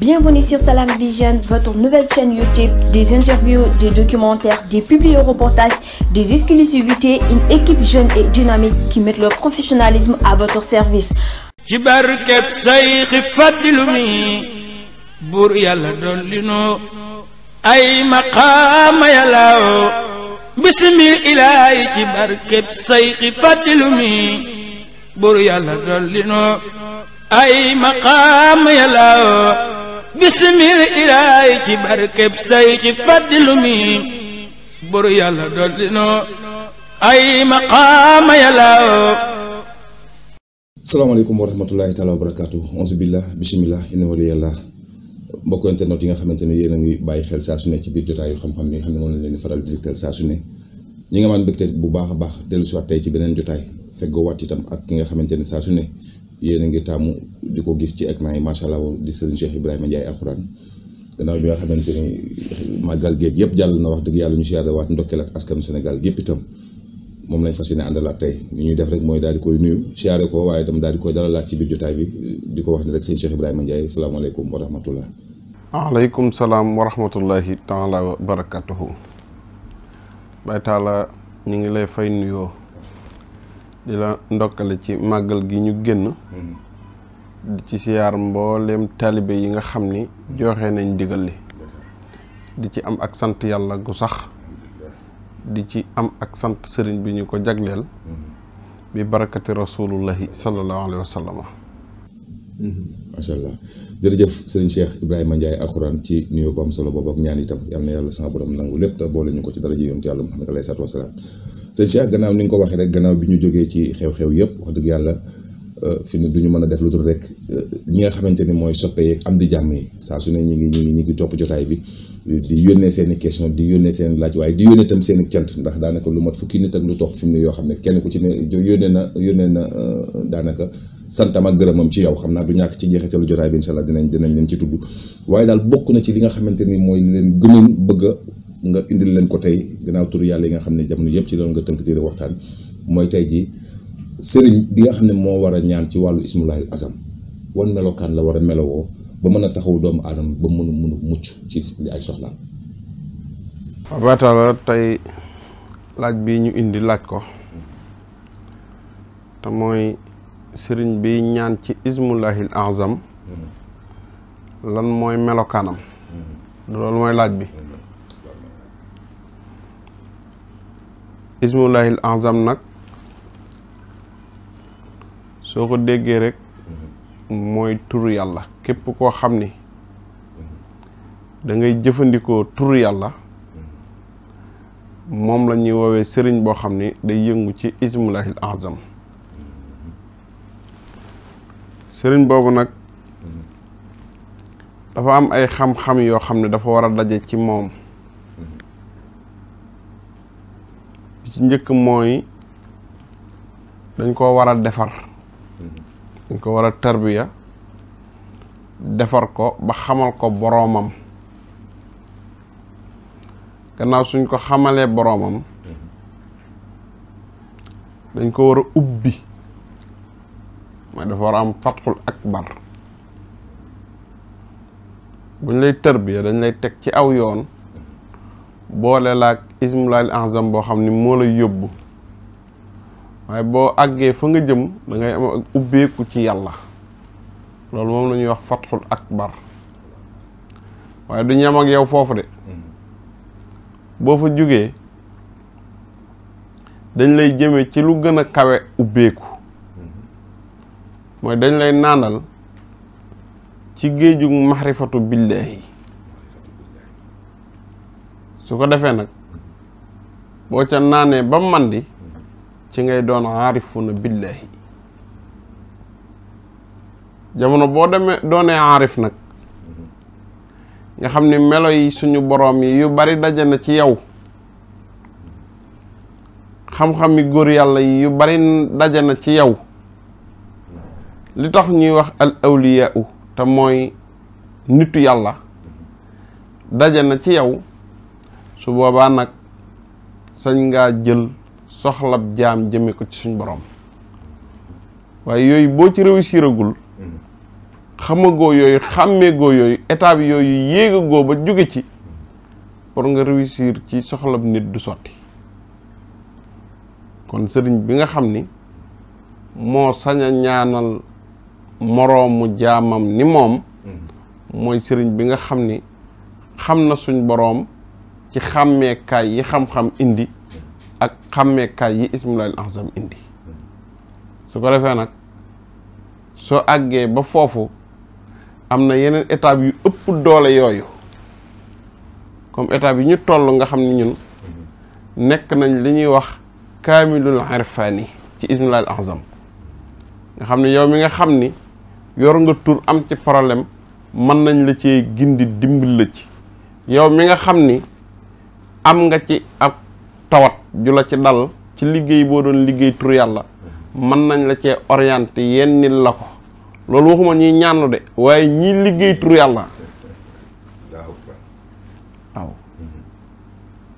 Bienvenue sur Salam Vision, votre nouvelle chaîne YouTube, des interviews, des documentaires, des publi-reportages, des exclusivités, une équipe jeune et dynamique qui met leur professionnalisme à votre service. ci barkeb sayxi faddilu mi buur yàlla dolli noo ay maqaama yàllaaw bismi ilaahi ci bisimil ilaay ci barkeb say ci faddilu mi buru yàlla doldinoo ay maqaama yàllaw salaamaaleykum nga xamante ni yéen a ngi bàyyi xel saa su ci biir jotaayu xam-xam bi xam ne moom lañ leen faral di dikkal saa su ñi nga maan mbégte bu baax baax dellu si waat tey ci beneen jotaay feggo waat itam ak ki nga xamante ni saa su yéen a tàmm di ko gis ci écran yi macha allah di sëriñ Cheikh Ibrahima Ndiaye alxuraan gannaaw bi xamante ni màggal géeg yëpp jàll na wax dëgg yàlla ñu siyaare waat ndokkeel ak askanu Sénégal gépp itam moom lañ fas yéene àndalaat tey ñu ñuy def rek mooy daal di koy nuyu siyaare ko waaye itam daal di koy dalalaat ci biir jotaay bi di ko wax ni rek sëñ Cheikh Ibrahima Ndiaye salaamaaleykum wa rahmatullah waaleykum salaam wa rahmatullahi taala wa barakatuhu bay taala ñu ngi lay fay nuyoo di la ndokkale ci màggal gi ñu génn hmm. di ci siyaar mbooleem taalibe yi nga xam ni joxe nañ digal li hmm. di ci am ak sant yàlla gu sax hmm. di ci am ak sant sëriñ bi ñu ko jagleel bi barakati rasulullahi sallallahu alayhi wa sallam macha allah jërëjëf sëriñ Cheikh Ibrahima Ndiaye alxuraan ci nuyoo bu am solo boobu ñaan itam yàlla sama borom nangu lépp te boole ñu ko ci dara ji yonent yàlla Muhammad alayhi salaatu wa salaam sëñ Cheikh gannaaw ni nga ko waxee rek gannaaw bi ñu jógee ci xew-xew yëpp wax dëgg yàlla euh, fi mu du ñu mën a def lu dul rek euh, ñi nga xamante ni mooy soppe yeeg am di jàmm yi saa su ñu ngi ñu ngi ñu ngi topp jotaay bi di yónnee seen i question di seen laaj waaye di yónnee tam seen i cant ndax daanaka lu mat fukki nit ak lu tox fi mu ne yoo xam ne kenn ne yónnee na yónnee na euh, daanaka santam ci yow xam naa du ñàkk ci jeexitalu jotaay bi incha allah dinañ dinañ leen ci tudd waaye daal bokk na ci li nga xamante ni mooy leen gënoon bëgg a nga indil leen ko tey gannaaw turu yàlla yi nga xam ne jamono yëpp ci loolu nga tënk téere waxtaan mooy tey jii sëriñ bi nga xam ne moo war a ñaan ci wàllu ismulaahil asam wan melokaan la war a melowoo ba mën a taxaw doomu aadama ba mënu mënu mucc ci ay soxlaam baataala tey laaj bi ñu indi laaj ko te mooy sëriñ bi ñaan ci ismulaahil azam hmm. lan mooy melokaanam hmm. loolu mooy laaj bi ismullahil azam nag soo ko déggee rek mooy turu yàlla képp koo xam ni dangay jëfandikoo turu yàlla moom la ñuy woowee sëriñ boo xam ni day yëngu ci ismullahil azam sëriñ boobu nag dafa am ay xam-xam yoo xam ne dafa war a daje ci moom su ci njëkk mooy dañ koo war defar mm-hmm. dañ ko war a tarbiya defar ko ba xamal ko boroomam gannaaw suñ ko xamalee boroomam mm-hmm. dañ ko war a ubbi mooy dafa war a am fatxul akbar buñ lay tarbiya dañ lay teg ci aw yoon boole laag ismu laahil ahzam boo xam ni moo lay yóbbu waaye boo àggee fa nga jëm dangay ngay am ak ubbeeku ci yàlla loolu moom la ñuy wax fatxul akbar waaye du am ak yow foofu de boo fa jógee dañ lay jëme ci lu gën a kawe ubbeeku mooy dañ lay naanal ci géejug maxrifatu billaahi su ko defee nag boo ca naanee ba mandi ci ngay doon aarifuna billahi jamono boo demee doonee aarif nag nga xam ni melo yi suñu boroom yi yu bari daje na ci yow xam-xami góor yàlla yi yu bari daje na ci yow li tax ñuy wax al awliyaa te mooy nitu yàlla daje na ci yow su boobaa nag sañ ngaa jël soxlab jaam jëme ko ci suñ boroom waaye yooyu boo ci réussir agul xamagoo yooyu xàmmeegoo yooyu étape yooyu yéegagoo ba jóge ci pour nga réussir ci soxlab nit du sotti kon sëriñ bi nga xam ni moo sañ a ñaanal moroomu jaamam ni moom mm. mooy sëriñ bi nga xam ni xam na suñ boroom ci xàmmeekaay yi xam-xam indi ak xàmmeekaay yi ismulaahil ahzam indi su ko defee nag soo àggee ba foofu am na yeneen étape yu ëpp doole yooyu comme étape yi ñu toll nga xam ni ñun nekk nañ li ñuy wax kaamilul irfaani ci ismulaahil ahzam nga xam ne yow mi nga xam ni yor nga tur am ci problème mën nañ la ci gindi dimbil la ci yow mi nga xam ni am nga ci ab tawat ju la ci dal ci liggéey boo doon liggéey tur la mën nañ la cee orienté yennil la ko loolu waxuma ñuy ñaanlu de waaye ñi liggéey tur yàlla waaw mm-hmm.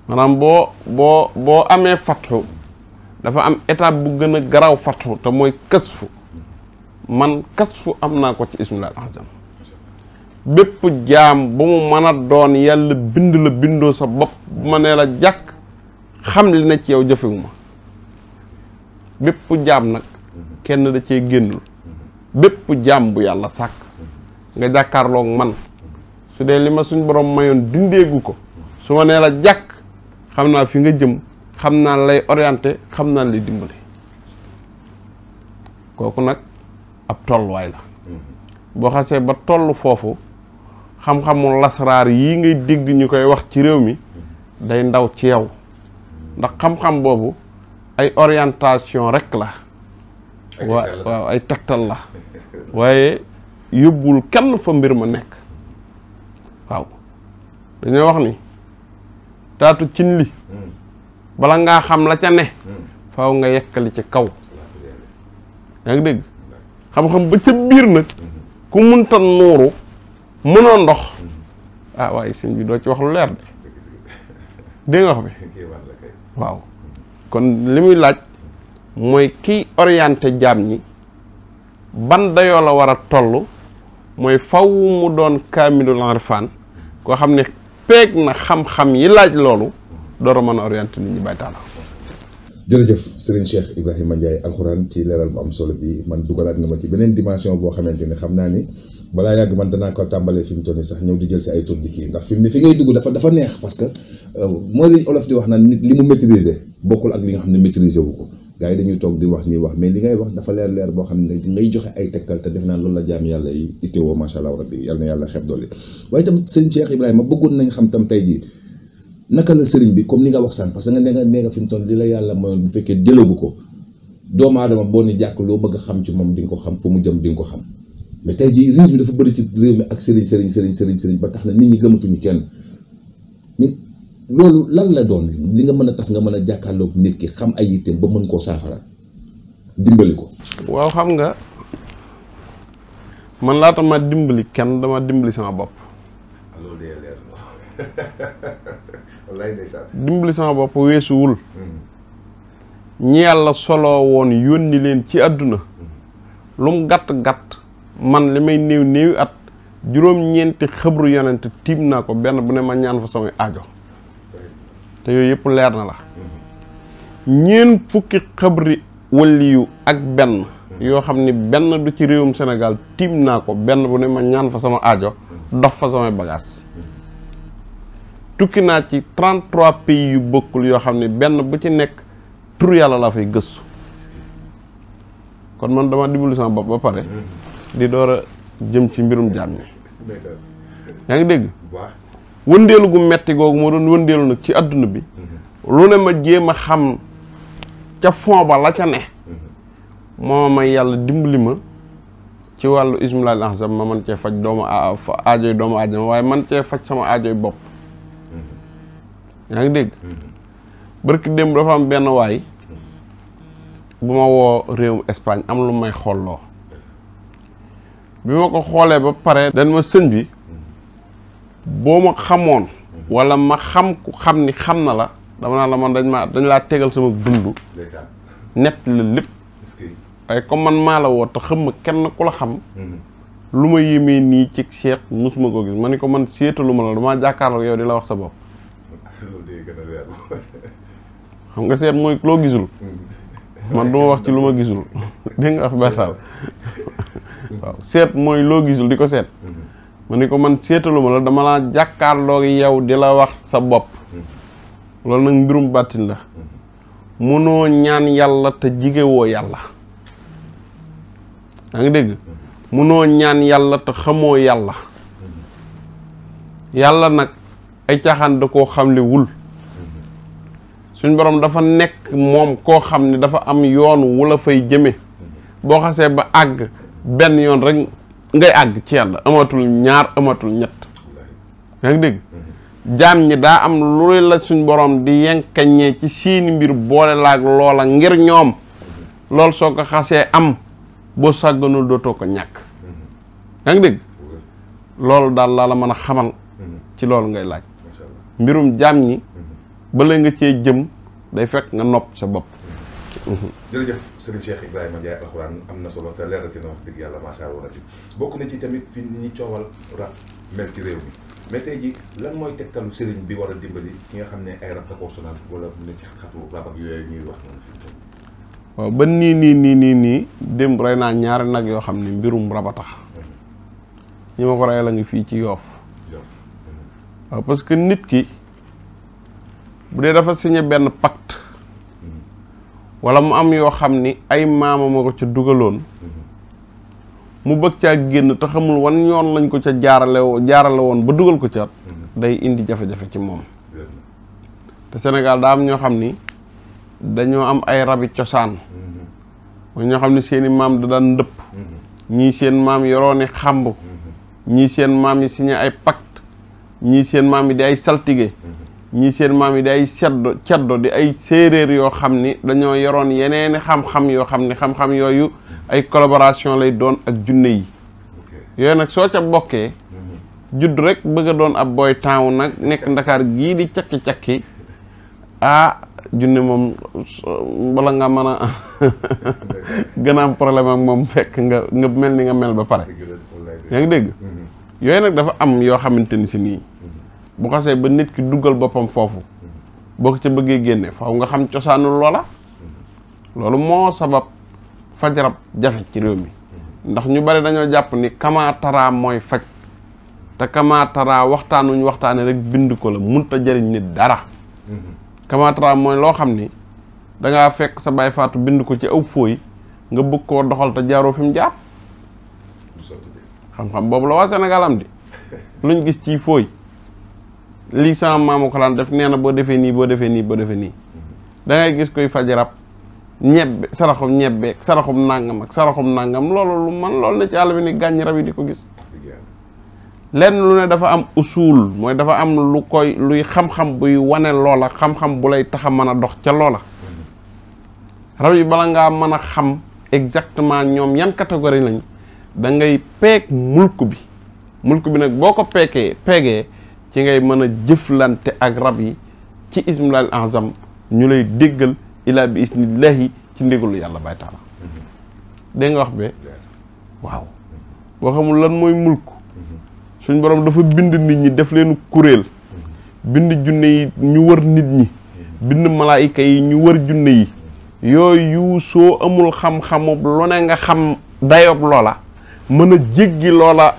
maanaam boo boo boo amee fatxu dafa am étape bu gën a garaaw fatxu te mooy kasfu man kasfu am naa ko ci ismillah alazam bépp jaam bu mu mën a doon yàlla bind la bindoo sa bopp bu ma nee la jàkk xam li ne ci yow jëfewu ma bépp jaam nag kenn da cee génnul bépp jaam bu yàlla sàkk nga jàkkaarloog man su dee li ma suñ borom mayoon dindeegu ko su ma nee la jàkk xam naa fi nga jëm xam naa lay orienté xam naa lay dimbali kooku nag ab tolluwaay la mm-hmm. boo xasee ba toll foofu xam-xamu lasraar yii ngay dégg ñu koy wax ci réew mi day ndaw ci yow ndax xam-xam boobu ay orientation rek la wa waaw ay tegtal la waaye yóbbul kenn fa mbir ma nekk waaw dañoo wax ni taatu cin li hmm. bala ngaa xam la ca ne hmm. faw nga yekkali ci kaw yaa ngi dégg xam-xam ba ca biir nag hmm. ku munta nuuru mënoo ndox ah waaye sëñ bi doo ci wax lu leer de dégg wax bi waaw kon li muy laaj mooy kiy orienté jaam ñi ban dayoo la war a toll mooy faw mu doon kaamilul arfaan koo xam ne peeg na xam-xam yi laaj loolu door a mën a orienté nit ñi bàyyi taala jërëjëf Serigne Cheikh Ibrahima Ndiaye alxuraan ci leeral bu am solo bi man dugalaat na ma ci beneen dimension boo xamante ni xam naa ni balaa yàgg man danaa ko tàmbalee fi mu toll nii sax ñëw di jël si ay tur di kii ndax fi mu ne fi ngay dugg dafa neex parce que euh, mooy li olof di wax naan nit li mu maîtriser bokkul ak li nga xam ne maîtriser wu ko gars yi dañuy toog di wax nii wax mais li ngay wax dafa leer leer boo xam ne ngay joxe ay tegtal te def naa loolu la jaam yàlla yi itteewoo macha allah rabbi yal na yàlla xeeb doole waaye itam bëggoon nañ xam tam tey jii naka la sëriñ bi comme li nga wax sànq parce que nga nga nee nga fi mu toll li la yàlla mayoon bu fekkee jëlagu ko doomu aadama boo ni jàkk loo bëgg a xam ci moom di nga ko xam fu mu jëm di nga ko xam mais tey jii risque bi dafa bëri ci réew mi ak sëriñ sëriñ sëriñ sëriñ ba tax na nit ñi gëmatuñu kenn nit loolu lan la doon li nga mën a tax nga mën a jàkkaarloog nit ki xam ay yitteem ba mën koo saafara dimbali ko. waaw xam nga mën laa laata ma dimbali kenn dama dimbali sama bopp. loolu dimbali sama bopp weesuwul. Hmm. ñi yàlla solo woon yónni leen ci àdduna. Hmm. lum gàtt gàtt. man li may néew néewi at juróom-ñeenti xëbru yonent tiim naa ko benn bu ne ma ñaan fa samay ajo te yooyu yëpp leer na la ñeen fukki xëbri waliyu ak benn yoo xam ni benn du ci réewum senegal tiim naa ko benn bu ne ma ñaan fa sama ajo dox fa samay bagaas tukki naa ci 33 pays yu bokkul yoo xam ne benn bu ci nekk tur yàlla laa fay gëstu kon man dama dimbalu sama bopp ba pare di door a jëm ci mbirum jaam ñi yaa ngi dégg wëndeelu gu metti googu moo doon wëndeelu nag ci àdduna bi mhm. lu ne ma jéem a xam ca fond ba la ca ne mhm. moo may yàlla dimbali ma ci wàllu ismilal ahzam ma man cee faj doomu aajoy doomu aadama waaye man cee faj sama aajoy bopp mhm. yaa ngi dégg barki démb dafa am benn waay bu ma woo réewum Espagne am lu may xolloo bi ma ko xoolee ba pare dañ ma sëñ bi boo ma xamoon wala ma xam ku xam ni xam na la dama naa la man dañ ma dañ laa tegal sama dund nett la lépp waaye comme man maa la woo te xam ma kenn ku la xam mm-hmm. lu ma yémee nii ci seet mosuma ko gis ma ni ko man seetalu ma la damaa jàkkaarloo yow di la wax sa bopp xam nga seet mooy loo gisul mm-hmm. man du wax ci lu ma gisul dégg nga wax bertal waaw seet mooy loo gisul di ko seet mm-hmm. ma ni ko man seetaluma la dama laa jàkkaarloo yow di la wax sa bopp mm-hmm. loolu nag mbirum bàttin la mënoo mm-hmm. ñaan yàlla te jigewoo yàlla yaa ngi dégg mënoo ñaan yàlla te xamoo yàlla yàlla nag ay caaxaan da koo xamle wul suñ borom dafa nekk moom koo xam ne dafa am yoon wu la fay jëme boo xasee ba àgg benn yoon rek ngay àgg ci la amatul ñaar amatul ñett yaa ngi dégg mm-hmm. jaam ñi daa am lu la suñ borom di yenkañee ci siini mbir boole laag loola ngir ñoom mm-hmm. lool soo ko xasee am boo sàgganul dootoo ko ñàkk mm-hmm. yaa ngi dégg loolu daal laa la mën a xamal ci loolu ngay laaj mbirum jaam ñi bala nga cee jëm day fekk nga nopp sa bopp Mm-hmm. jërëjëf sëriñ Cheikh Ibrahima Ndiaye alxuraan am na solo te leerati na wax dëgg yàlla macha allah bokk na ci tamit fi ñi coowal rab mel ci réew mi mais tey lan mooy tegtalu sëriñ bi war a dimbali ki nga xam ne ay rab da koo sonal wala mu ne ci xatu rab ak yooyu ñuy wax waaw ba nii nii nii nii nii démb rey naa ñaari nag yoo xam ne mbirum rab a tax mm-hmm. ñi ma ko rey la ngi fii ci yoof mm-hmm. waaw parce nit ki bu dee dafa signé benn pacte wala mu am yoo xam ni ay maamam a ko ca dugaloon mu bëgg caa génn te xamul wan yoon lañ ko ca jaarale jaarale woon ba dugal ko ca day indi jafe-jafe ci moom te Sénégal daa am ñoo xam ni dañoo am ay rabi cosaan mooy ñoo xam ni seeni maam da daan ndëpp ñii seen maam yorooni xàmb ñii seen maam yi signé ay pacte ñii seen maam yi di ay saltige ñii seen maam yi di ay seddo ceddo di ay séeréer yoo xam ni dañoo yoroon yeneeni xam-xam yoo xam ni xam-xam yooyu ay collaboration lay doon ak junne yi yooyu nag soo ca bokkee mhm. judd rek bëgg a doon ab boy town nag nekk ndakaar gii di cakki-cakki ah junne moom bala nga mën a gën problème ak moom fekk nga nga mel ni nga mel ba pare yaa ngi dégg mhm. yooyu nag dafa am yoo xamante ni si nii bu xasee ba nit ki duggal boppam foofu boo ko ca bëggee génne faaw nga xam cosaanul loola loolu moo sabab faj rab jafe ci réew mi ndax ñu bari dañoo jàpp ni kamaataraa mooy faj te kamaataraa waxtaanuñ waxtaane rek bind ko la munta jëriñ nit dara kamaataraa mooy loo xam ni danga fekk sa baay faatu bind ko ci aw fooy nga bëgg ko doxal te jaaroo fi mu jaar xam-xam boobu la waa Sénégal am di luñ gis ci fooy li sama maamu ko def nee na boo defee nii boo defee nii boo defee nii da gis koy faj rab ñebbe saraxum ñebbeeg saraxum nàngam ak saraxum nàngam loolu lu man loolu na ci àll bi ni gàññ rab yi di ko gis lenn lu ne dafa am usul mooy dafa am lu koy luy xam-xam buy wane loola xam-xam bu lay tax a mën a dox ca loola rab yi bala ngaa mën a xam exactement ñoom yan catégorie lañ dangay ngay peeg mulk bi mulk bi nag boo ko peekee peegee ci ngay mën a jëflante ak rab yi ci ismilal azam ñu lay déggal ilaa bi isnillahi ci ndégalu yàlla bay taala dégg nga wax be waaw boo xamul lan mooy mulk suñ borom dafa bind nit ñi def leen kuréel bind junne yi ñu wër nit ñi bind malaayika yi ñu wër junne yi yooyu soo amul xam-xamub lu nga xam dayob loola mën a jéggi loola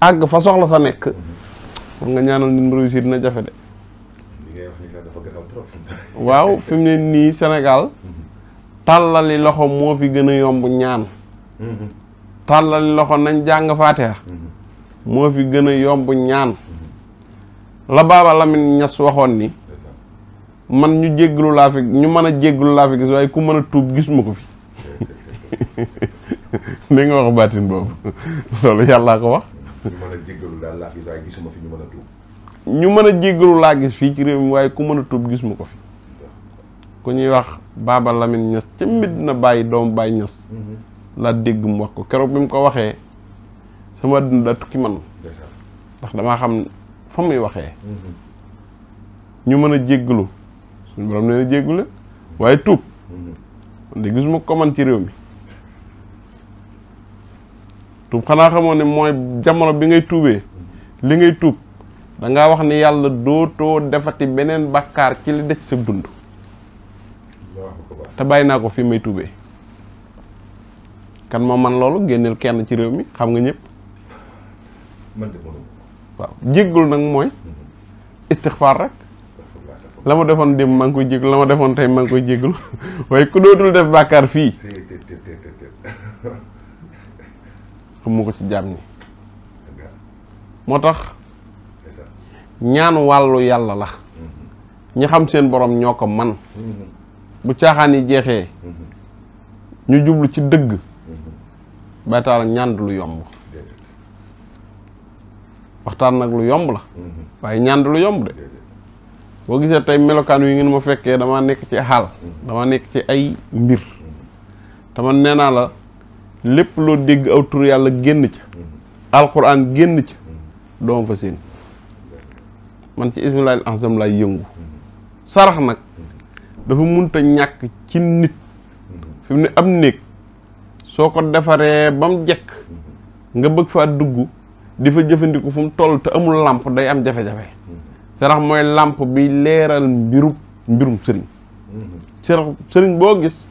àgg fa soxla sa nekk pour nga ñaanal nit mu réussir dina jafe de. ni sax dafa gën trop. waaw fi mu nii Sénégal tàllali loxo moo fi gën a yomb ñaan. Mm-hmm. tàllali loxo nañ jàng faatiha mm-hmm. moo fi gën a yomb ñaan. la baaba Lamine Ñas waxoon ni. man ñu jégglu laa fi ñu mën a jégglu laa fi gis waaye ku mën a tuub gis ko fi. ni nga wax baatin boobu loolu yàllaa ko wax. ñu mën a jéggalu daal laa gis fi ñu ñu mën a jéggalu laa gis fii ci réew mi waaye ku mën a tuub gisuma ko fi. ku ñuy wax Baba lamin Niass ca Medina Baye doom Baye Niass. Mm-hmm. laa dégg mu wax ko keroog bi mu ko waxee sama adduna daa tukki man. ndax damaa xam fa muy waxee. Mm-hmm. ñu mën a jéggalu suñu borom nee na jéggule mm-hmm. waaye tuub. de gisuma ko man ci réew mi. tuub xanaa xamoon ne mooy jamono bi ngay tuubee li ngay tuub da wax ni yàlla dootoo defati beneen bàkkaar ci li des sa dund te bàyyi naa ko fi may tuubee kan moo man loolu génneel kenn ci réew mi xam nga ñëpp waaw jéggalu nag mooy istixfaar rek la ma defoon démb maa ngi koy jéggalu la ma defoon tey maa ngi koy jéggalu waaye ku dootul def bàkkaar fii xamu ko ci jaam ñi moo tax ñaan wàllu yàlla la mm-hmm. ñi xam seen borom ñoo ko man mm-hmm. bu caaxaan yi jeexee mm-hmm. ñu jublu ci dëgg baytaal ñaan lu yomb waxtaan nag lu yomb la waaye ñaan lu yomb de boo gisee tey melokaan wi ngeen ma fekkee dama nekk ci xaal dama nekk ci ay mbir te man nee la lépp loo dégg aw tur yàlla génn ci mm-hmm. alquran génn ci mm-hmm. doom fa seen man ci ismilaahil ahzam laay yëngu mm-hmm. sarax nag dafa munta ñàkk ci nit fi mu ne am néeg soo ko defaree ba mu jekk nga bëgg faa dugg di fa jëfandiku fu mu toll te amul làmp day am jafe-jafe sarax mooy làmp bi leeral mbirum mbirum sëriñ sëriñ boo gis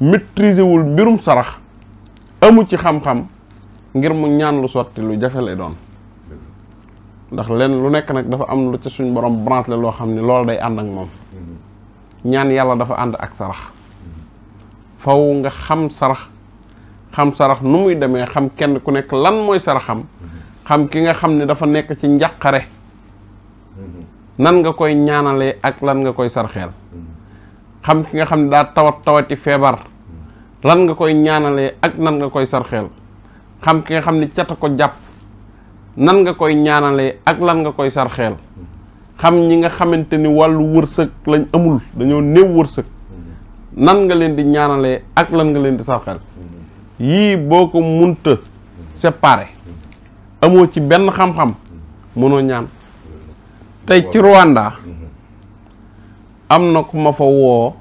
maîtriser wul mbirum sarax amu ci xam-xam ngir mu ñaan lu sotti lu jafe lay doon ndax leen lu nekk nag dafa am lu ci suñ borom branche la loo xam ne loolu day ànd ak moom ñaan yàlla dafa ànd ak sarax faw nga xam sarax xam sarax nu muy demee xam kenn ku nekk lan mooy saraxam xam ki nga xam ne dafa nekk ci njàqare nan nga koy ñaanale ak lan nga koy sarxeel xam ki nga xam ne daa tawat tawati feebar lan nga koy ñaanalee ak nan nga koy sarxeel xam ki nga xam ni cat a ko jàpp nan nga koy ñaanalee ak lan nga koy sarxeel xam ñi nga xamante ni wàllu wërsëg lañ amul dañoo néew wërsëg nan nga leen di ñaanalee ak lan nga leen di sarxeel yii boo ko munta séparé amoo ci benn xam-xam mënoo ñaan tey ci Rwanda am na ku ma fa woo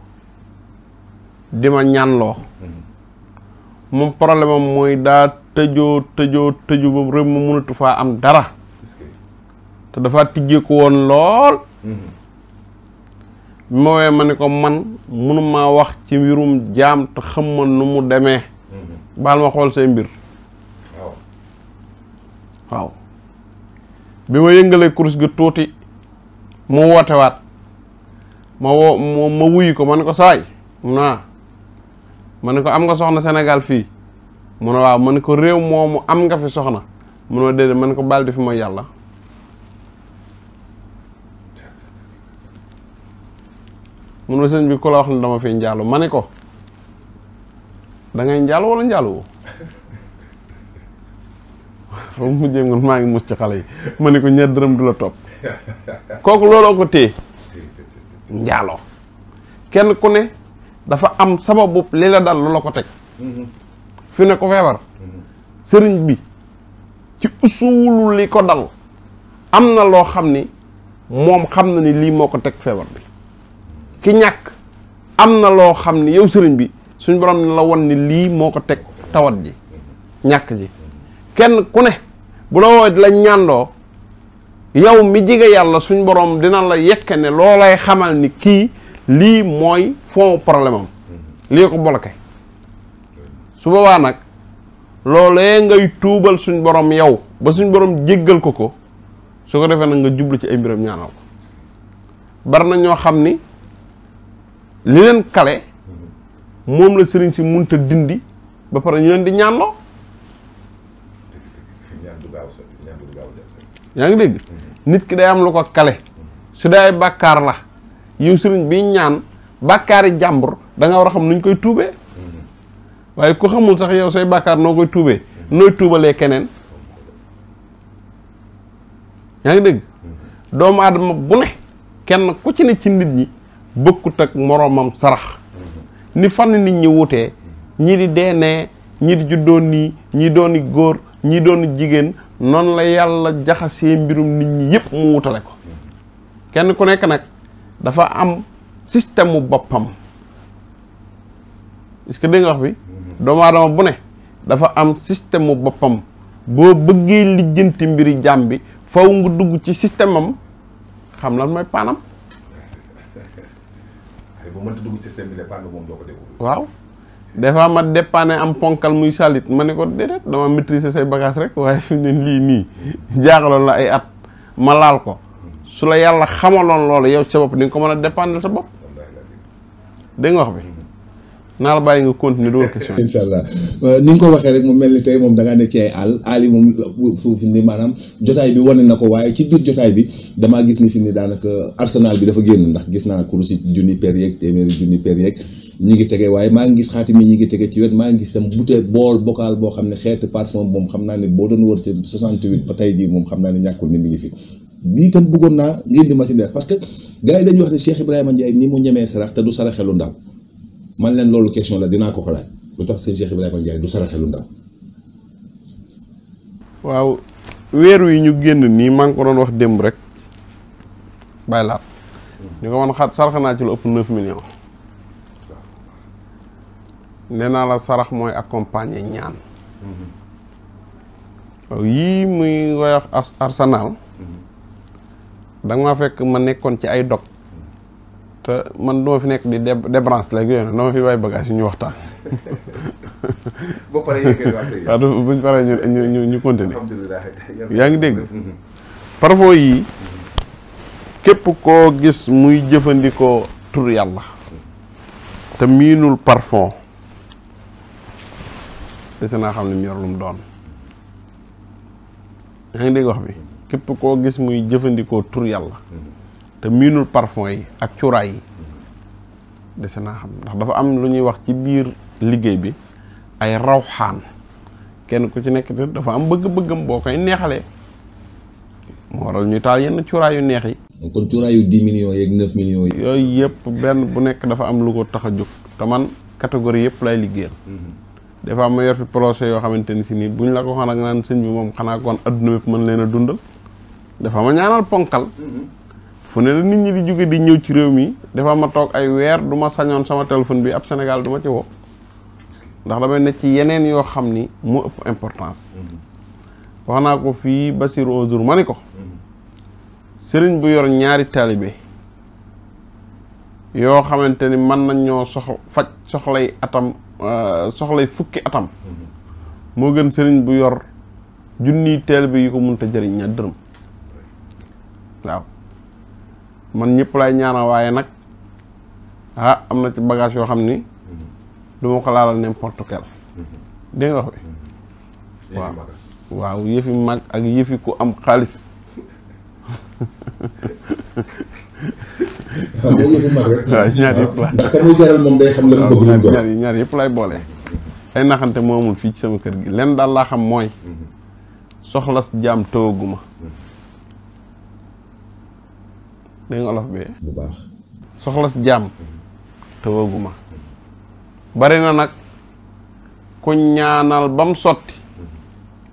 di ma ñaanloo moom problème am mooy daa tëjoo tëjoo tëju ba ma mënatu faa am dara te dafa tijjeeku woon lool bi ma woowee ma ne ko man mënumaa wax ci mbirum jaam te xam ma nu mu demee baal ma xool say mbir waaw bi ma yëngalee course gi tuuti mu wootewaat ma woo ma wuyu ko ma ne ko saay naa ma ne ko am nga soxna Sénégal fii mu ne waaw ma ne ko réew moomu am nga fi soxna mu ne déedéet ma ne ko baal di fi mooy yàlla mu ne sëñ bi ku fi njaalu ma ne ko dangay ngay njaalu wala njaaluwoo foofu mujjee ngon maa ngi mus ci xale yi ma ne ko ñaar dërëm du la topp kooku looloo ko téye njaaloo kenn ku ne dafa am sababu li la dal lu la ko teg fi ne ko feebar sëriñ bi ci usuwulu li ko dal am na loo xam ni moom xam na ni lii moo ko teg feebar bi ki ñàkk am na loo xam ni yow sëriñ bi suñ borom ne la won ni lii moo ko teg tawat ji ñàkk ji kenn ku ne bu la woo la ñàndoo yow mi jige yàlla suñ borom dina la yekke ne loo lay xamal ni kii lii mooy fond problème am lii ko bloqué su boobaa nag loolee ngay tuubal suñ borom yow ba suñ borom jéggal ko ko su ko defee nag nga jublu ci ay mbiram ñaanal bari na ñoo xam ni li leen kale moom la sëriñ si munta dindi ba pare ñu leen di ñaanloo yaa ngi dégg mm-hmm. nit ki day am lu ko kale su dee ay bàkkaar la yow sëriñ bi ñaan bàkkaari jàmbur da war a xam nuñ koy tuubee waaye ku xamul sax yow say bàkkaar noo koy tuubee nooy tuubalee keneen yaa ngi dégg doomu aadama bu ne kenn ku ci ne ci nit ñi bëkkut ak moroomam sarax ni fan nit ñi wutee ñi di deenee ñi di juddoo nii ñi dooni góor ñi dooni jigéen noonu la yàlla jaxasee mbirum nit ñi yépp mu wutale ko kenn ku nekk nag dafa am système mu boppam est-ce que dégg bi mhm. doomu aadama bu ne dafa am système mu boppam boo bëggee lijjanti mbiri jàmm bi fow nga dugg ci système am xam lan mooy paanam ba mënta dugg système bi de paan moom doo ko waaw des fois ma dépanne am ponkal muy salit ma ne ko déedéet dama maîtriser say bagage rek waaye fi ne lii nii mhm. jaaxaloon la ay at ma laal ko mhm. su la yàlla xamaloon loolu yow sa bopp di ko mën a dépendre sa bopp dégg nga bi naa la bàyyi nga continuer doon question incha euh, ko waxee rek mu mel ni tey moom da ngaa ne ci maanaam jotaay bi wane na ko waaye ci biir bi damaa gis ni fi ni daanaka arsenal bi dafa génn ndax gis naa kurus yi junni per yeeg téeméeri junni per yeeg ñi ngi tege waaye maa ngi gis xaatim yi ñi ngi tege ci wet maa ngi gis tam bouteille bool bocal boo xam ne xeetu parfum moom xam naa ne boo doon wër ci 68 ba tey jii moom xam naa ne ñàkkul ni mi ngi fi lii tam bëggoon naa ngeen di ma ci leer parce que gars yi dañuy wax ne Cheikh Ibrahima Ndiaye ni mu ñemee sarax te du saraxe lu ndaw man leen loolu question la dinaa ko ko ndaw. waaw weer wi ñu génn nii maa ngi ko doon wax démb rek bàyyi laat ñu hmm. ko man xaat sarax naa ci lu ëpp 9 millions. Hmm. nee la sarax mooy accompagner ñaan. Hmm. waaw yii muy wax arsenal. danga ma fekk ma nekkoon ci ay dog te man duma fi nekk di débranche la yooyu dama fi bàyyi bagage yi ñu waxtaan. boo paree buñ paree ñu ñu ñu continuer. yaa ngi dégg. Mm-hmm. parfum yi képp koo gis muy jëfandikoo tur yàlla. te miinul parfum. dese naa xam ne mu yor doon. yaa ngi dégg wax bi. képp koo gis muy jëfandikoo tur yàlla te miinul parfum yi ak cuuraay yi dese naa xam ndax dafa am lu ñuy wax ci biir liggéey bi ay raw xaan kenn ku ci nekk te dafa am bëgg-bëggam boo koy neexalee moo waral ñu taal yenn cuuraay yu neex yi kon cuuraay yu dix millions yeeg neuf yooyu yëpp benn bu nekk dafa am lu ko tax a jóg te man catégorie yëpp lay liggéeyal mm-hmm. des fois ma yor fi projet yoo xamante ni si nii buñ la ko waxoon ak naan sëñ moom xanaa kon adduna bépp mën leen a dundal dafa ma ñaanal ponkal fu ne la nit ñi di jóge di ñëw ci réew mi dafa ma toog ay weer du ma sañoon sama téléphone bi ab Sénégal du ma ci woo ndax damay ne ci yeneen yoo xam ni moo ëpp importance wax naa ko fii Bassirou un jour ma ni ko sëriñ bu yor ñaari taalibe yoo xamante ni mën nañ ñoo sox faj soxlay atam euh, soxlay fukki atam mhm. moo gën sëriñ bu yor junniy taalibe yu ko mënta jëriñ ñaar dërëm waaw man ñëpp lay ñaanal waaye nag ah am na ci bagage yoo xam ni mm-hmm. du ma ko laalal n'importe quel mm-hmm. dégg mm-hmm. mag ak yëfi ku am xaalis ah, ñaar yëpp la ndax ka muy xam la mu ñaar ñaar yëpp boole ay naxante moo amul fii ci sama kër gi lenn daal laa xam mooy soxlas jaam tëwaguma dégg nga olof bi bu baax soxlas jàmm te wóoguma na nag ku ñaanal ba mu sotti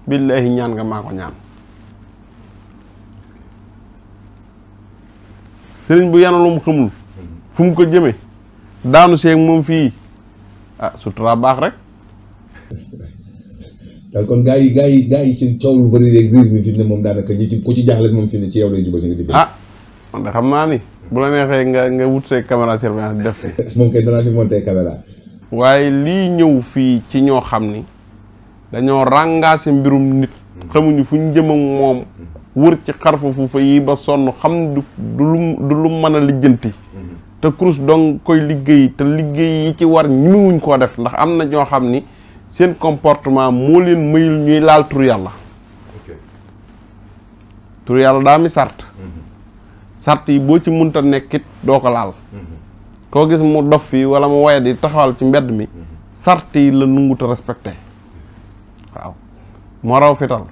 billaahi ñaan nga maa ko ñaan sëriñ bu yanu lu mu xamul fu mu ko jëme daanu seeg moom fii ah sutura baax rek daal kon gaa yi gaa yi gaa ci coow lu bëri rek riir mi fi ne moom daanaka ñi ku ci jaaxle moom fi ne ci yow lay jubal si nga di ah man de xam naa ni bu la neexee nga nga wut say caméra surveillance def fi. moom kay waaye lii ñëw fii ci ñoo xam ni dañoo ràngaase mbirum nit. xamuñu fuñ jëm moom. wër ci xarfa fuufa yi ba sonn xam du du lu mën a lijjanti. te kurus dong koy liggéey te liggéey yi ci war ñimiwuñ koo def ndax am na ñoo xam ni seen comportement moo leen mayul ñuy laal tur yàlla. tur yàlla daa mi sart. Mhm. sart yi boo ci munta nekkit doo ko laal mm-hmm. koo gis mu dof fii wala mu woye di taxawal ci mbedd mi mm-hmm. sart yi la nunguta respecté waaw moo raw fital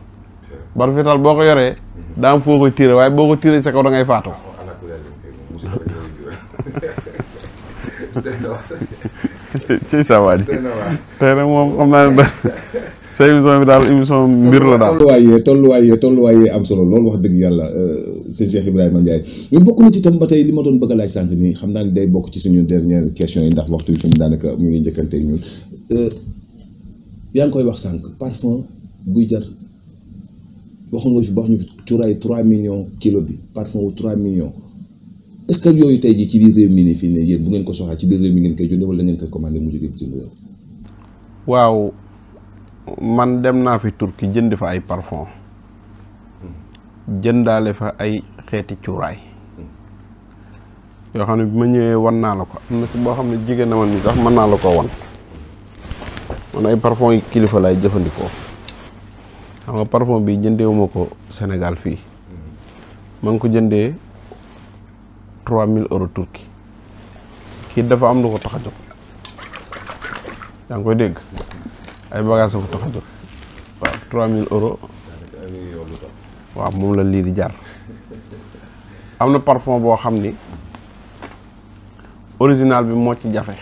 bar fital boo ko yoree mm-hmm. daam foo koy tiire waaye boo ko tiiree sa ci sa waaj tey nag moom xam naa ne sa émission bi daal émission mbir la daal. tolluwaay yee tolluwaay yee am solo loolu wax dëgg yàlla euh, sëñ Cheikh Ibrahima Ndiaye mais bokk na ci tam ba tey li ma doon bëgg a laaj nii xam naa ne day bokk ci suñu dernière question yi ndax waxtu bi fi mu daanaka mu ngi njëkkante ak euh, yaa ngi koy wax sànq parfum buy jar wax nga fi wax ñu fi cuuraay 3 millions kilo bi parfum wu 3 millions est-ce que yooyu tey jii ci biir réew mi nii fii ne yéen bu ngeen ko soxlaa ci biir réew mi ngeen koy jënd wala ngeen koy commandé mu jógee bitim réew. waaw. man dem naa fi turki jënd fa ay parfum jëndaale fa ay xeeti cuuraay yoo xam ne bi ma ñëwee wan naa la ko am na ci boo xam ne jigéen na man mi sax mën naa la ko wan man ay parfum yi kilifa laay jëfandikoo xam nga parfum bi jëndeewuma ko senegal fii ma ngi ko jëndee trois mille euros turki kii dafa am lu ko tax a jóg ngi koy dégg ay bagages ko tax a jóg waaw 3000 euros waaw moom la lii di jar am na parfum boo xam ni original bi moo ci jafe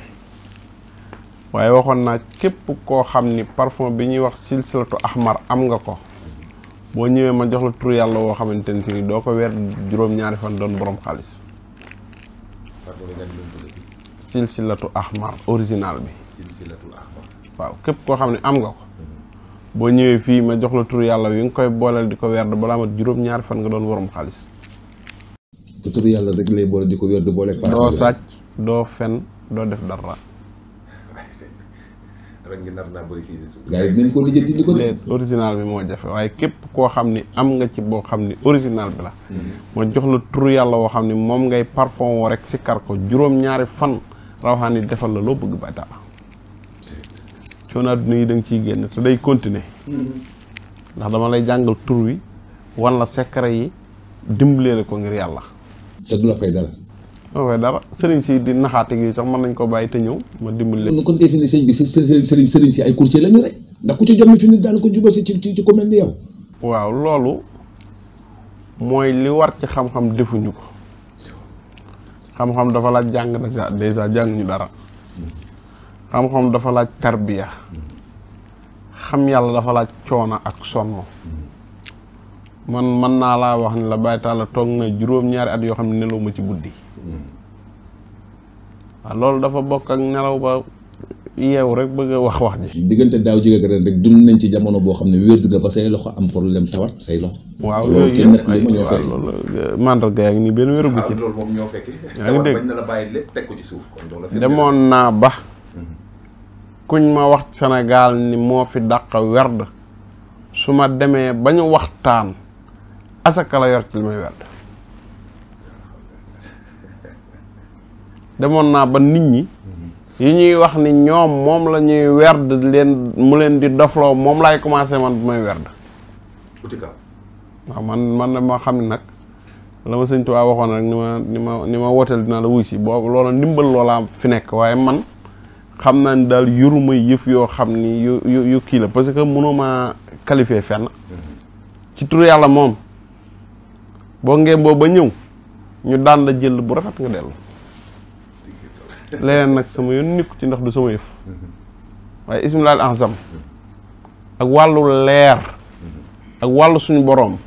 waaye waxoon naa képp koo xam ni parfum bi ñuy wax sil silsilatu ahmar am nga ko boo ñëwee ma jox la tur yàlla woo xamante ne si ni doo ko weer juróom-ñaari fan doon borom xaalis silsilatu ahmar original bi waaw képp koo xam ne am nga ko boo ñëwee fii ma jox la tur yàlla wi nga koy booleel di ko werd balaa mat juróom doon warum xaalis. yàlla rek lay di ko werd boole. doo sàcc doo fen doo def dara. rek ngi nar naa bëri ko lijjanti bi moo jafe waaye képp koo xam ni am nga ci boo xam ni original bi la. Mm-hmm. jox la tur yàlla woo xam ni moom ngay parfum woo rek sikkar ko juróom-ñaari fan rawaxaan defal la loo bëgg ba dara. coono àdduna yi da nga ciy génn te day continuer ndax dama lay jàngal tur wi wan la secret yi dimbalee la ko ngir yàlla. te du la fay dara. doo fay dara sëriñ si di naxaate gi sax mën nañ ko bàyyi te ñëw ma dimbali leen. kon défi ni sëñ bi sëriñ sëriñ si ay courtier lañu rek ndax ku ci jot mi fi nit daan ko jubal si ci ci ku mel ni yow. waaw loolu mooy li war ci xam-xam defuñu ko xam-xam dafa la jàng déjà jànguñu dara. xam-xam dafa laaj tarbiya xam yàlla dafa laaj coono ak sonn man mën naa laa wax ni la bàyyi taala toog na juróom-ñaari at yoo xam ne nelaw ma ci guddi loolu dafa bokk ak nelaw ba yeew rek bëgg a wax wax ji. diggante daaw jigéen ren dund nañ ci jamono boo xam ne wér nga ba say loxo am problème tawat say loxo. waaw loolu kenn nag li euh, nii benn wéru gu ci. ñoo fekki. yaa demoon naa ba. kuñ ma wax senegaal ni moo fi daq werd su ma demee ba ñu waxtaan asaka la yor ci li may werd demoon naa ba nit ñi yi ñuy wax ni ñoom moom la ñuy werd leen mu leen di dofloo moom laay commencé man bu may werd waaw man man dama xam ne nag la ma sëñ Tuubaa waxoon rek ni ma ni ma ni ma wooteel dinaa la wuy si boobu loola ndimbal loolaa fi nekk waaye man xam naa ni daal yoruma yëf yoo xam ni yu kii la parce que mënuma qualifier fenn ci turu yàlla moom boo ngeen ba ñëw ñu daan la jël bu rafet nga dellu leneen nag sama yoon nekku ci ndax du sama yëf waaye ismilal ansam ak wàllu leer ak wàllu suñu boroom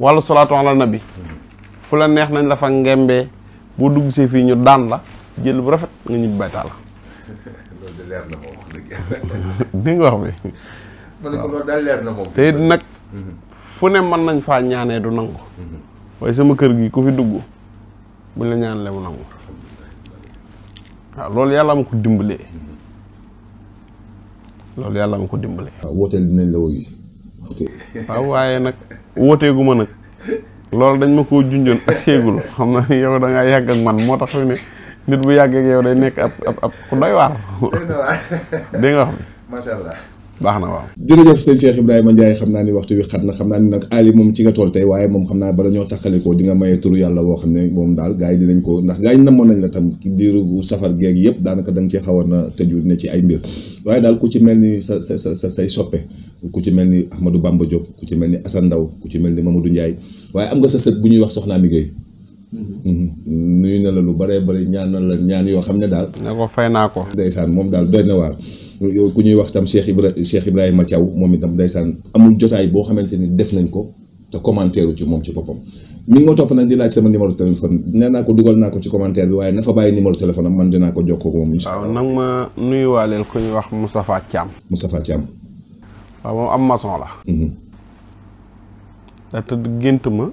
wàllu salaatu ala nabi fu la neex nañ la fa ngembee boo dugg see fii ñu daan la jël bu rafet nga ñibbi baytaa la loolu de leer na moom wax dëgg nga wax bi ne te nag fu ne mën nañ faa ñaanee du nangu waaye sama kër gi ku fi dugg buñ la ñaan mu nangu waaw loolu yàlla ma ko dimbalee loolu yàlla ma ko dimbalee waaw wooteel dinañ la waaye nag wooteegu nag loolu dañ ma koo junjoon ak séegul xam na yow da ngaa yàgg ak man moo tax fi ne nit bu yàggee yow day nekk ab ab ab ku doy waar. dégg nga wax. macha allah. baax na xam naa ni waxtu wi xat na xam naa ni nag Ali moom ci nga tool tey waaye moom xam naa bala ñoo takkalikoo dinga maye turu yàlla woo xam ne moom daal gars yi dinañ ko ndax gars yi namoon nañ la tam diiru safar geeg yëpp daanaka da nga cee xawoon na tëju ne ci ay mbir waaye daal ku ci mel ni sa sa sa say soppe ku ci mel ni Ahmadou Bamba Diop ku ci mel ni Assane Ndaw ku ci mel ni Mamadou Ndiaye waaye am nga sa sët bu ñuy wax soxnaa mi Mm-hmm. nuyu na la lu bëree bëri ñaanal la ñaan yoo xam ne daal. ne ko fay naa ko. ndeysaan moom daal doy na waar ku ñuy wax tam Cheikh Ibra Cheikh Ibrahima Thiaw moom itam ndeysaan amul jotaay boo xamante ni def nañ ko te commentaire ci moom ci boppam. mi ngi ma topp nañ di laaj sama numéro téléphone nee naa ko dugal naa ko ci commentaire bi waaye ne fa bàyyi numéro téléphone am man dinaa ko jokkoo moom. incha allah waaw nag ma nuyuwaaleel ku ñu wax Moustapha mu Moustapha caam waaw moom am maçon la. Mm-hmm. te tëdd ma.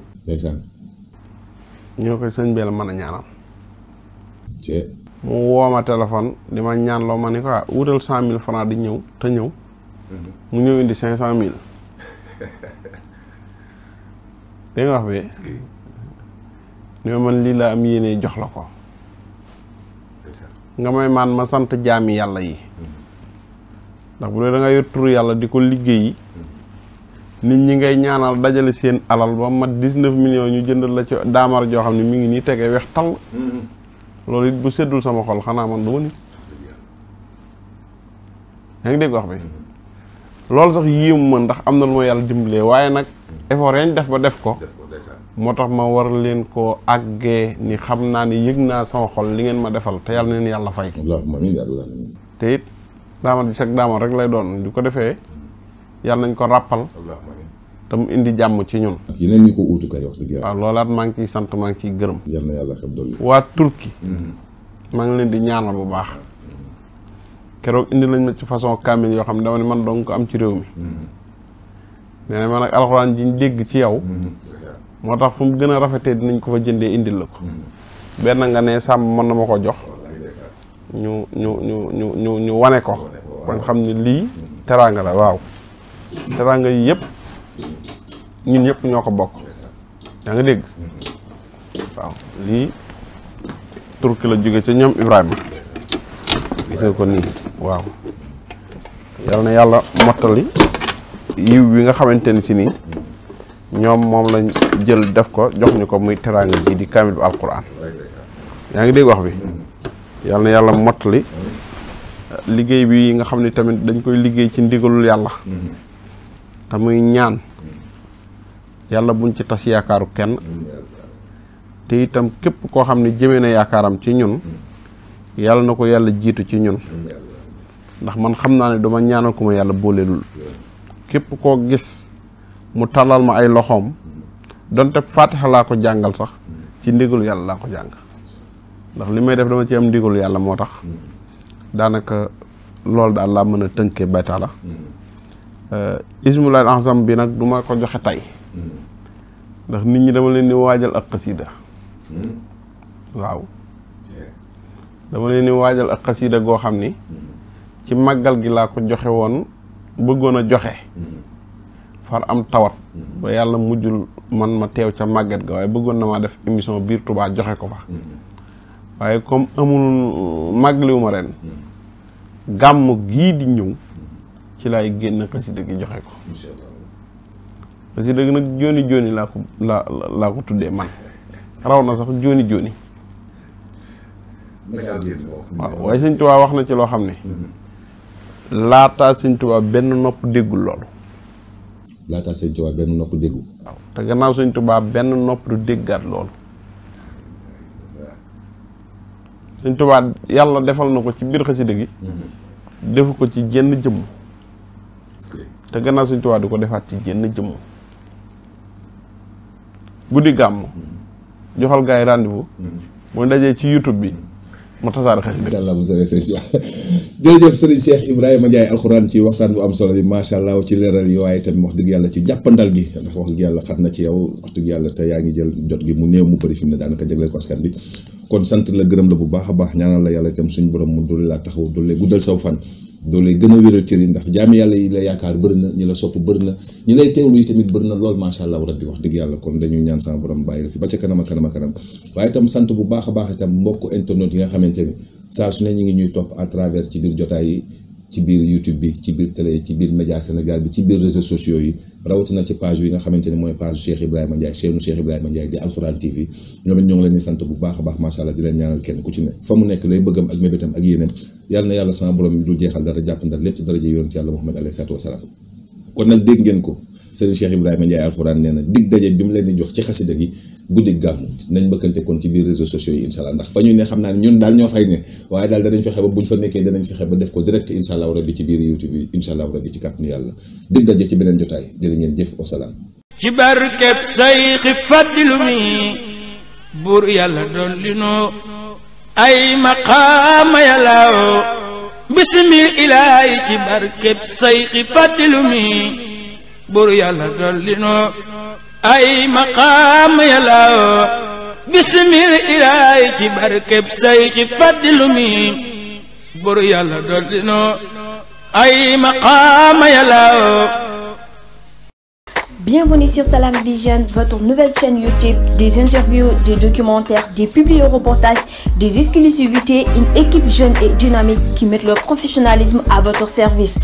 ñoo koy sëñ bee la mën a ñaanal mu woo ma di ma ñaan loo ma ni ko ah, wutal cent mille franc di ñëw te ñëw mhm. mu ñëw indi cinq cent mille dégg wax bi ni ma man lii laa am yéene jox la ko nga may maan ma sant jaami yàlla yi mhm. ndax bu dee da nga yàlla di ko liggéey nit ñi ngay ñaanal dajale seen alal ba mat dix-neuf millions ñu jëndal la ci daamar joo xam ne mi ngi nii tege weex tal mm-hmm. loolu it bu seddul sama xol xanaa man duma nit yaa ngi dégg bi mm-hmm. loolu sax yéemu ma ndax am na yàlla dimbalee waaye nag mm-hmm. effort yañ def ba def ko moo tax ma war leen ko àggee ni xam naa ni yëg naa sama xol li ngeen ma defal te yàlla neen yàlla fay te it daamar ji sag daamar rek lay doon di ko defee yàlla nañ ko ràppal te mu indi jàmm ci ñun. yeneen ko uutu waaw loolaat maa ngi ciy sant maa ngi ciy gërëm. yal na yàlla xam dolli. waa turki. Mm-hmm. maa ngi leen di ñaanal bu baax. Mm-hmm. keroog indi lañ ma ci façon kaamil yoo xam ne dama ne man dong ko am ci réew mi. Mm-hmm. nee na ma nag alxuraan ji dégg ci yow. moo tax fu mu gën a rafetee dinañ ko fa jëndee indil la ko. benn nga ne sàmm mën na ma ko jox. ñu ñu ñu ñu ñu ñu wane ko. kon xam ne lii. teraanga la waaw. teranga yi yépp ñun ñëpp ñoo ko bokk yaa nga dégg waaw lii turki la jóge ca ñoom Ibrahima gis nga ko nii waaw yal na yàlla mottali yiw bi nga xamante ni si nii ñoom moom lañ jël def ko jox ñu ko muy teraanga ji di kaamil bu alquran yaa ngi dégg wax bi yal na yàlla mottali liggéey bi nga xam ne tamit dañ koy liggéey ci ndigalul yàlla te muy ñaan yàlla buñ ci tas yaakaaru kenn te itam képp koo xam ne jëmee na yaakaaram ci ñun yàlla na ko yàlla jiitu ci ñun ndax man xam naa ne duma ñaanal ku ma yàlla booleelul képp koo gis mu tàllal ma ay loxoom donte faatixa laa ko jàngal sax ci ndigalu yàlla laa ko jàng ndax li may def dama ci am ndigalu yàlla moo tax daanaka loolu daal laa mën a tënkee baytaala Euh, ismul azam bi nag du ko joxe tey hmm. ndax nit ñi dama leen di waajal ak xasida hmm. waaw dama leen di waajal ak xasida goo xam ni hmm. ci màggal gi laa ko joxe woon bëggoon a joxe far am tawat ba yàlla mujjul man ma teew ca màgget ga waaye bëggoon na maa def émission biir Touba joxe ko fa waaye comme amul màggaliwu ma ren gàmm gii di ñëw ci laay génn xasida gi joxe ko xasida gi nag jooni jooni laa ko laa laa ko tuddee man raw na sax jóoni jooni waaw waaye sëñ Tuubaa wax na ci loo xam ne mhm. laataa sëñ Tuubaa benn nopp déggul loolu laataa sëñ benn nopp gannaaw sëñ benn nopp du déggaat loolu sëñ Tuubaa yàlla defal na ko ci biir xasida gi mhm. defu ko ci jenn jëmm te gannaaw suñ tubaab di ko defaat ci jënn jëmm guddi gàmm joxal gars yi rendez-vous mu mm-hmm. dajee ci youtube bi mu tasaare xasida allah bu sore sëriñ Cheikh jërëjëf a Cheikh Ibrahima Ndiaye alxuraan ci waxtaan bu am solo bi macha allah ci leeral yi waaye tamit wax dëgg yàlla ci jàppandal gi ndax wax dëgg yàlla xam na ci yow wax dëgg yàlla te yaa ngi jël jot gi mu néew mu bëri fi mu ne daanaka jagleel ko askan bi kon sant la gërëm la bu baax a baax ñaanal la yàlla itam suñu borom mu dul laa taxaw dul guddal saw fan doo lay gën a wéral cër ndax jaami yàlla yi la yaakaar bëri na ñi la sopp bëri na ñi lay teewlu yi tamit bëri na lool macha allah rabbi wax dëgg yàlla kon dañuy ñaan sama borom bàyyi la fi ba ca kanam a kanam a kanam waaye tam sant bu baax a baax itam mbokk internet yi nga xamante ne saa su ne ñu ngi ñuy topp à travers ci biir jotaay ci biir YouTube bi ci biir télé yi ci biir média Sénégal bi ci biir réseaux sociaux yi rawatina ci page yi nga xamante ni mooy page Cheikh Ibrahima Ndiaye chaîne di Alxuraan TV ñoom it ñoo sant bu baax a baax macha allah di leen ñaanal kenn ku ci ne fa mu nekk lay bëggam ak mébétam ak yéenam yàlla na yàlla sama borom dul jeexal dara jàppandal lépp ci daraja yonent yàlla Muhammad alayhi salaatu wasalaam kon nag dégg ngeen ko Serigne Cheikh Ibrahima Ndiaye Alxuraan leen di jox ci guddi gàmmu nañ bëkkante kon ci biir réseaux sociaux yi incha allah ndax fa ñu ne xam naa ne ñun daal ñoo fay ne waaye daal danañ fexe ba buñ fa nekkee danañ fexe ba def ko direct incha allah rabbi ci biir youtube bi incha allah rabbi ci kàttanu yàlla ci barkeb say xi fàddilu mi buur yàlla doon li noo ay maqaama yàllaaw bisimil ilaahi ci barkeb say xi fàddilu mi buur yàlla doon noo ay maqaam yàllaaw bisimil ilaahi ci barkeb say ci fàddilu mi bor yàlla dool dinoo ay votre nouvelle chaîne YouTube, des interviews, des documentaires, des publi des exclusivités, une équipe jeune et dynamique qui met leur professionnalisme à votre service.